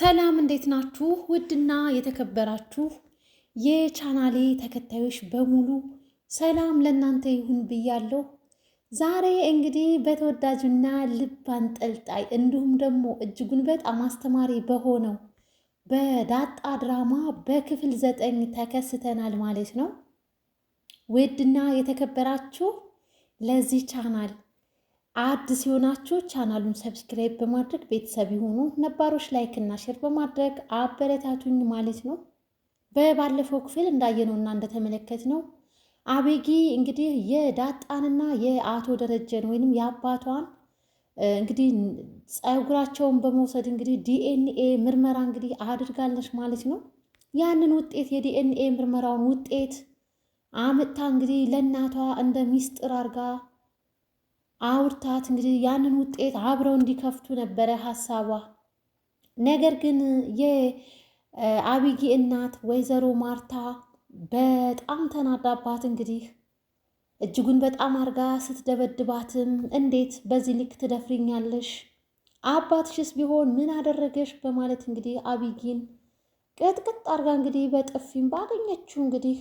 ሰላም እንዴት ናችሁ? ውድና የተከበራችሁ የቻናሌ ተከታዮች በሙሉ ሰላም ለእናንተ ይሁን ብያለሁ። ዛሬ እንግዲህ በተወዳጅና ልብ አንጠልጣይ እንዲሁም ደግሞ እጅጉን በጣም አስተማሪ በሆነው በዳጣ ድራማ በክፍል ዘጠኝ ተከስተናል ማለት ነው። ውድና የተከበራችሁ ለዚህ ቻናል አዲስ የሆናችሁ ቻናሉን ሰብስክራይብ በማድረግ ቤተሰብ የሆኑ ነባሮች ላይክ እና ሼር በማድረግ አበረታቱኝ ማለት ነው። በባለፈው ክፍል እንደተመለከት እንደተመለከትነው አቤጊ እንግዲህ የዳጣንና የአቶ ደረጀን ወይንም የአባቷን እንግዲህ ጸጉራቸውን በመውሰድ እንግዲህ ዲኤንኤ ምርመራ እንግዲህ አድርጋለች ማለት ነው። ያንን ውጤት የዲኤንኤ ምርመራውን ውጤት አምጥታ እንግዲህ ለእናቷ እንደ ሚስጥር አድርጋ አውርታት እንግዲህ ያንን ውጤት አብረው እንዲከፍቱ ነበረ ሀሳቧ። ነገር ግን የአቢጊ እናት ወይዘሮ ማርታ በጣም ተናዳባት እንግዲህ እጅጉን በጣም አርጋ ስትደበድባትም እንዴት በዚህ ልክ ትደፍሪኛለሽ? አባትሽስ ቢሆን ምን አደረገሽ? በማለት እንግዲህ አቢጊን ቅጥቅጥ አርጋ እንግዲህ በጥፊም ባገኘችው እንግዲህ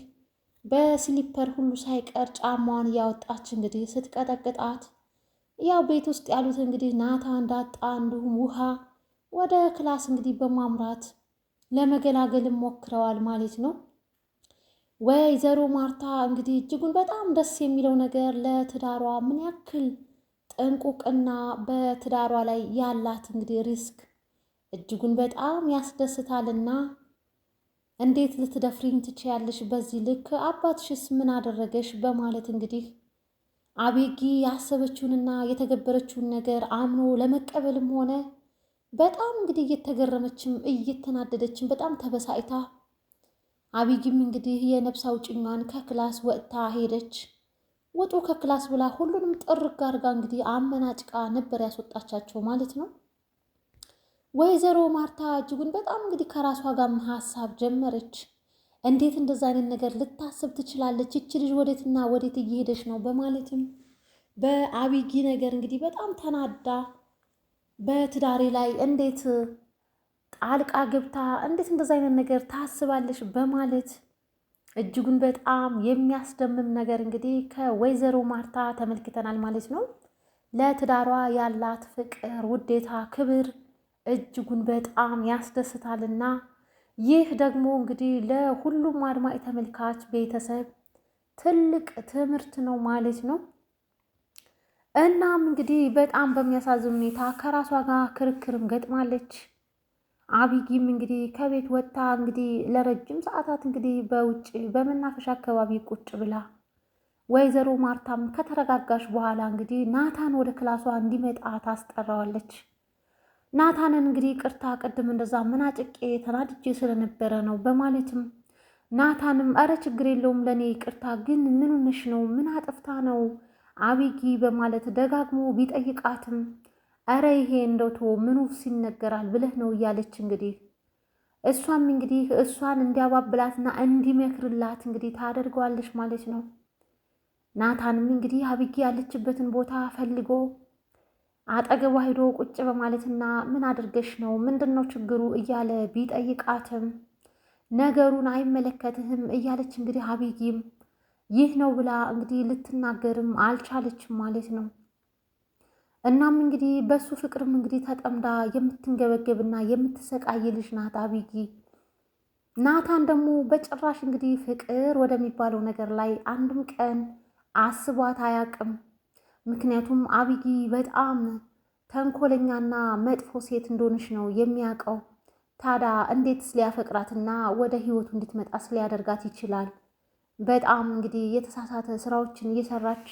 በስሊፐር ሁሉ ሳይቀር ጫማዋን እያወጣች እንግዲህ ስትቀጠቅጣት ያው ቤት ውስጥ ያሉት እንግዲህ ናታ እንዳጣ እንዲሁም ውሃ ወደ ክላስ እንግዲህ በማምራት ለመገላገልም ሞክረዋል ማለት ነው። ወይዘሮ ማርታ እንግዲህ እጅጉን በጣም ደስ የሚለው ነገር ለትዳሯ ምን ያክል ጥንቁቅና በትዳሯ ላይ ያላት እንግዲህ ሪስክ እጅጉን በጣም ያስደስታልና እንዴት ልትደፍሪኝ ትችያለሽ? በዚህ ልክ አባትሽስ ምን አደረገሽ? በማለት እንግዲህ አቤጊ ያሰበችውንና የተገበረችውን ነገር አምኖ ለመቀበልም ሆነ በጣም እንግዲህ እየተገረመችም እየተናደደችም በጣም ተበሳይታ አቤጊም እንግዲህ የነብስ አውጭኛን ከክላስ ወጥታ ሄደች። ወጡ ከክላስ ብላ ሁሉንም ጥርግ አድርጋ እንግዲህ አመናጭቃ ነበር ያስወጣቻቸው ማለት ነው። ወይዘሮ ማርታ እጅጉን በጣም እንግዲህ ከራሷ ጋር ሀሳብ ጀመረች። እንዴት እንደዛ አይነት ነገር ልታስብ ትችላለች? እች ልጅ ወዴትና ወዴት እየሄደች ነው? በማለትም በአቢጊ ነገር እንግዲህ በጣም ተናዳ በትዳሬ ላይ እንዴት ጣልቃ ገብታ እንዴት እንደዛ አይነት ነገር ታስባለች? በማለት እጅጉን በጣም የሚያስደምም ነገር እንግዲህ ከወይዘሮ ማርታ ተመልክተናል ማለት ነው። ለትዳሯ ያላት ፍቅር፣ ውዴታ፣ ክብር እጅጉን በጣም ያስደስታልና ይህ ደግሞ እንግዲህ ለሁሉም አድማጭ ተመልካች ቤተሰብ ትልቅ ትምህርት ነው ማለት ነው። እናም እንግዲህ በጣም በሚያሳዝን ሁኔታ ከራሷ ጋር ክርክርም ገጥማለች። አቢጊም እንግዲህ ከቤት ወጥታ እንግዲህ ለረጅም ሰዓታት እንግዲህ በውጭ በመናፈሻ አካባቢ ቁጭ ብላ ወይዘሮ ማርታም ከተረጋጋች በኋላ እንግዲህ ናታን ወደ ክላሷ እንዲመጣ ታስጠራዋለች። ናታንን እንግዲህ ቅርታ ቅድም እንደዛ ምናጭቄ ተናድጄ ስለነበረ ነው በማለትም ናታንም አረ ችግር የለውም ለእኔ ቅርታ ግን ምንነሽ ነው ምን አጥፍታ ነው አቢጊ በማለት ደጋግሞ ቢጠይቃትም አረ ይሄ እንደቶ ምኑ ሲነገራል ብለህ ነው እያለች እንግዲህ እሷም እንግዲህ እሷን እንዲያባብላትና እንዲመክርላት እንግዲህ ታደርገዋለች ማለት ነው። ናታንም እንግዲህ አቢጊ ያለችበትን ቦታ ፈልጎ አጠገቧ ሂዶ ቁጭ በማለትና ምን አድርገሽ ነው ምንድን ነው ችግሩ እያለ ቢጠይቃትም ነገሩን አይመለከትህም እያለች እንግዲህ አቢጊም ይህ ነው ብላ እንግዲህ ልትናገርም አልቻለችም ማለት ነው። እናም እንግዲህ በሱ ፍቅርም እንግዲህ ተጠምዳ የምትንገበገብና የምትሰቃይ ልጅ ናት አቢጊ። ናታን ደግሞ በጭራሽ እንግዲህ ፍቅር ወደሚባለው ነገር ላይ አንድም ቀን አስቧት አያውቅም። ምክንያቱም አብይ በጣም ተንኮለኛና መጥፎ ሴት እንደሆነች ነው የሚያውቀው። ታዲያ እንዴትስ ሊያፈቅራትና ወደ ህይወቱ እንድትመጣስ ሊያደርጋት ይችላል? በጣም እንግዲህ የተሳሳተ ስራዎችን እየሰራች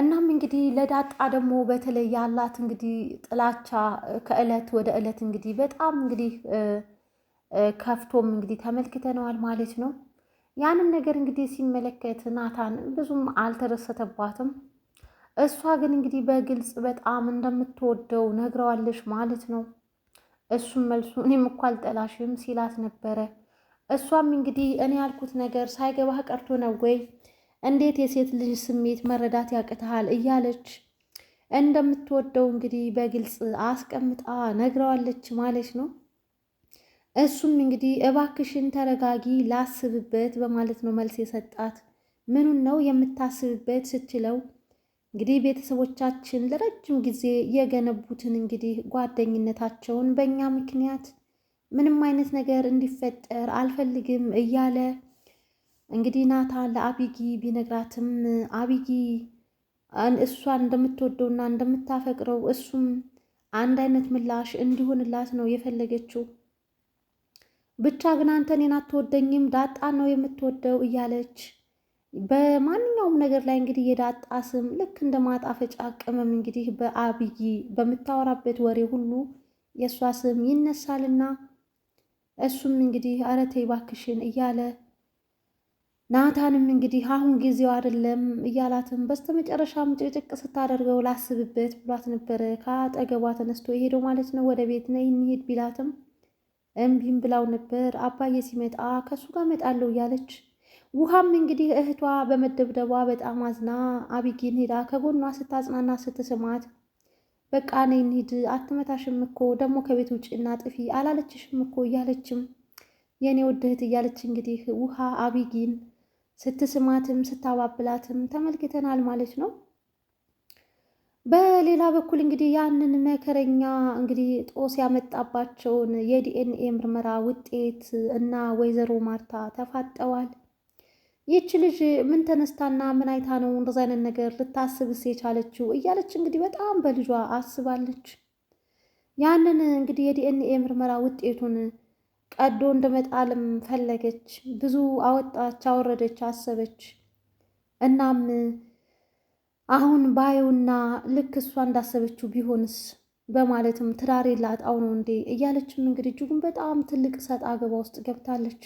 እናም እንግዲህ ለዳጣ ደግሞ በተለይ ያላት እንግዲህ ጥላቻ ከእለት ወደ እለት እንግዲህ በጣም እንግዲህ ከፍቶም እንግዲህ ተመልክተነዋል ማለት ነው። ያንን ነገር እንግዲህ ሲመለከት ናታን ብዙም አልተደሰተባትም። እሷ ግን እንግዲህ በግልጽ በጣም እንደምትወደው ነግረዋለች ማለት ነው። እሱም መልሱ እኔም እኮ አልጠላሽም ሲላት ነበረ። እሷም እንግዲህ እኔ ያልኩት ነገር ሳይገባህ ቀርቶ ነው ወይ? እንዴት የሴት ልጅ ስሜት መረዳት ያቅትሃል? እያለች እንደምትወደው እንግዲህ በግልጽ አስቀምጣ ነግረዋለች ማለት ነው። እሱም እንግዲህ እባክሽን ተረጋጊ ላስብበት በማለት ነው መልስ የሰጣት። ምኑን ነው የምታስብበት ስትለው እንግዲህ ቤተሰቦቻችን ለረጅም ጊዜ የገነቡትን እንግዲህ ጓደኝነታቸውን በእኛ ምክንያት ምንም አይነት ነገር እንዲፈጠር አልፈልግም እያለ እንግዲህ ናታ ለአቢጊ ቢነግራትም አቢጊ እሷ እንደምትወደውና እንደምታፈቅረው እሱም አንድ አይነት ምላሽ እንዲሆንላት ነው የፈለገችው። ብቻ ግን አንተ እኔን አትወደኝም ነው የምትወደው እያለች በማንኛውም ነገር ላይ እንግዲህ የዳጣ ስም ልክ እንደ ማጣፈጫ ቅመም እንግዲህ በአብይ በምታወራበት ወሬ ሁሉ የእሷ ስም ይነሳልና እሱም እንግዲህ ኧረ ተይ እባክሽን እያለ ናታንም እንግዲህ አሁን ጊዜው አይደለም እያላትም በስተመጨረሻም ጭቅጭቅ ስታደርገው ላስብበት ብሏት ነበረ። ከአጠገቧ ተነስቶ የሄደው ማለት ነው። ወደ ቤት ነይ እንሂድ ቢላትም እምቢም ብላው ነበር። አባዬ ሲመጣ ከእሱ ጋር እመጣለሁ እያለች ውሃም እንግዲህ እህቷ በመደብደቧ በጣም አዝና አቢጌን ሄዳ ከጎኗ ስታጽናና ስትስማት በቃ እኔ እንሂድ፣ አትመታሽም እኮ ደግሞ ከቤት ውጭ እና ጥፊ አላለችሽም እኮ እያለችም የእኔ ውድ እህት እያለች እንግዲህ ውሃ አቢጊን ስትስማትም ስታባብላትም ተመልክተናል ማለት ነው። በሌላ በኩል እንግዲህ ያንን መከረኛ እንግዲህ ጦስ ያመጣባቸውን የዲኤንኤ ምርመራ ውጤት እና ወይዘሮ ማርታ ተፋጠዋል። ይቺ ልጅ ምን ተነስታና ምን አይታ ነው እንደዚ አይነት ነገር ልታስብስ የቻለችው? እያለች እንግዲህ በጣም በልጇ አስባለች። ያንን እንግዲህ የዲኤንኤ ምርመራ ውጤቱን ቀዶ እንደመጣልም ፈለገች። ብዙ አወጣች፣ አወረደች፣ አሰበች። እናም አሁን ባየውና ልክ እሷ እንዳሰበችው ቢሆንስ በማለትም ትዳሬ ላጣው ነው እንዴ እያለችም እንግዲህ እጅጉን በጣም ትልቅ ሰጥ አገባ ውስጥ ገብታለች።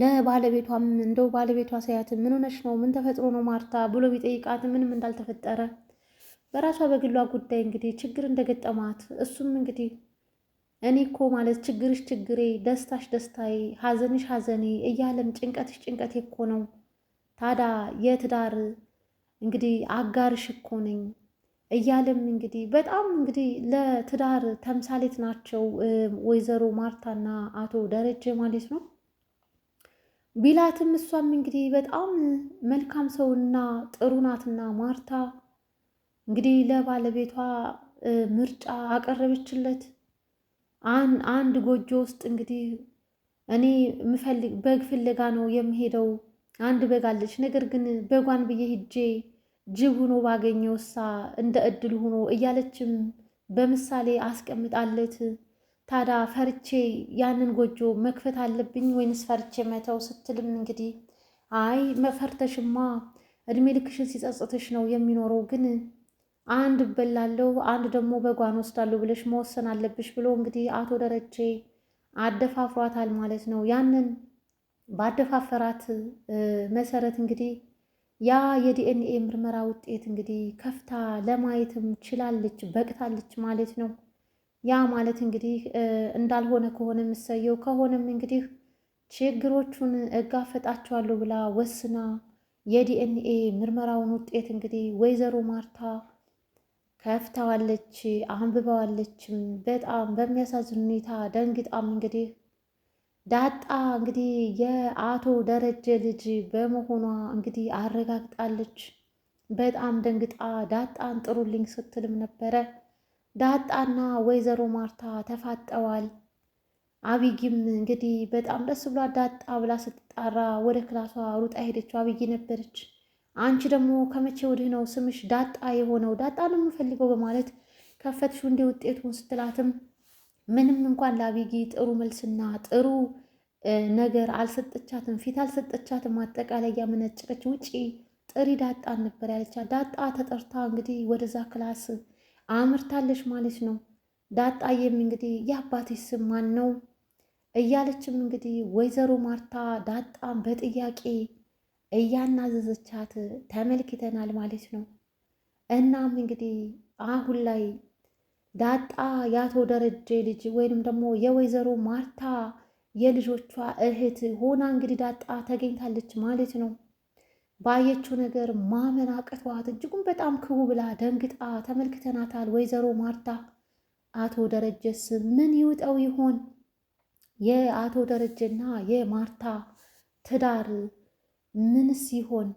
ለባለቤቷም እንደው ባለቤቷ ሳያት ምን ሆነች ነው ምን ተፈጥሮ ነው ማርታ ብሎ ቢጠይቃት ምንም እንዳልተፈጠረ በራሷ በግሏ ጉዳይ እንግዲህ ችግር እንደገጠማት እሱም እንግዲህ እኔ እኮ ማለት ችግርሽ ችግሬ፣ ደስታሽ ደስታዬ፣ ሀዘንሽ ሀዘኔ እያለም ጭንቀትሽ ጭንቀቴ እኮ ነው ታዳ የትዳር እንግዲህ አጋርሽ እኮ ነኝ እያለም እንግዲህ በጣም እንግዲህ ለትዳር ተምሳሌት ናቸው ወይዘሮ ማርታና አቶ ደረጀ ማለት ነው። ቢላትም እሷም እንግዲህ በጣም መልካም ሰውና ጥሩ ናትና ማርታ እንግዲህ ለባለቤቷ ምርጫ አቀረበችለት። አንድ ጎጆ ውስጥ እንግዲህ እኔ ምፈልግ በግ ፍለጋ ነው የምሄደው። አንድ በግ አለች፣ ነገር ግን በጓን ብዬ ሂጄ ጅብ ሆኖ ባገኘው እሳ እንደ እድል ሆኖ እያለችም በምሳሌ አስቀምጣለት። ታዲያ ፈርቼ ያንን ጎጆ መክፈት አለብኝ ወይንስ ፈርቼ መተው ስትልም እንግዲህ አይ መፈርተሽማ እድሜ ልክሽን ሲጸጽትሽ ነው የሚኖረው። ግን አንድ እበላለሁ አንድ ደግሞ በጓን ወስዳለሁ ብለሽ መወሰን አለብሽ ብሎ እንግዲህ አቶ ደረጀ አደፋፍሯታል ማለት ነው። ያንን ባደፋፈራት መሰረት እንግዲህ ያ የዲኤንኤ ምርመራ ውጤት እንግዲህ ከፍታ ለማየትም ችላለች፣ በቅታለች ማለት ነው። ያ ማለት እንግዲህ እንዳልሆነ ከሆነ የምሰየው ከሆነም እንግዲህ ችግሮቹን እጋፈጣቸዋለሁ ብላ ወስና የዲኤንኤ ምርመራውን ውጤት እንግዲህ ወይዘሮ ማርታ ከፍታዋለች፣ አንብባዋለችም። በጣም በሚያሳዝን ሁኔታ ደንግጣም እንግዲህ ዳጣ እንግዲህ የአቶ ደረጀ ልጅ በመሆኗ እንግዲህ አረጋግጣለች። በጣም ደንግጣ ዳጣን ጥሩልኝ ስትልም ነበረ። ዳጣና ወይዘሮ ማርታ ተፋጠዋል። አብይም እንግዲህ በጣም ደስ ብሏ ዳጣ ብላ ስትጣራ ወደ ክላሷ ሩጣ ሄደችው አብይ ነበረች። አንቺ ደግሞ ከመቼ ወዲህ ነው ስምሽ ዳጣ የሆነው? ዳጣ ነው የምፈልገው በማለት ከፈትሹ እንደ ውጤቱን ስትላትም ምንም እንኳን ላቢጊ ጥሩ መልስና ጥሩ ነገር አልሰጠቻትም፣ ፊት አልሰጠቻትም። አጠቃላይ ያመነጨረች ውጪ ጥሪ ዳጣ ነበር ያለቻት። ዳጣ ተጠርታ እንግዲህ ወደዛ ክላስ አምርታለች ማለት ነው። ዳጣዬም እንግዲህ የአባትሽ ስም ማን ነው እያለችም እንግዲህ ወይዘሮ ማርታ ዳጣ በጥያቄ እያናዘዘቻት ተመልክተናል ማለት ነው። እናም እንግዲህ አሁን ላይ ዳጣ የአቶ ደረጀ ልጅ ወይንም ደግሞ የወይዘሮ ማርታ የልጆቿ እህት ሆና እንግዲህ ዳጣ ተገኝታለች ማለት ነው። ባየችው ነገር ማመን አቅቷት እጅጉን በጣም ክቡ ብላ ደንግጣ ተመልክተናታል። ወይዘሮ ማርታ አቶ ደረጀስ ምን ይውጠው ይሆን? የአቶ ደረጀና የማርታ ትዳር ምንስ ይሆን?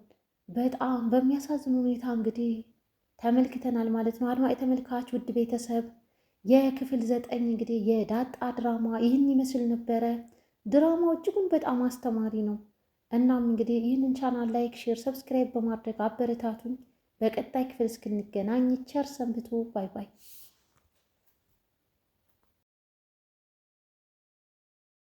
በጣም በሚያሳዝን ሁኔታ እንግዲህ ተመልክተናል ማለት ነው። አድማጭ ተመልካች፣ ውድ ቤተሰብ የክፍል ዘጠኝ እንግዲህ የዳጣ ድራማ ይህን ይመስል ነበረ። ድራማው እጅጉን በጣም አስተማሪ ነው። እናም እንግዲህ ይህንን ቻናል ላይክ፣ ሼር፣ ሰብስክራይብ በማድረግ አበረታቱን። በቀጣይ ክፍል እስክንገናኝ ቸር ሰንብቱ። ባይ ባይ።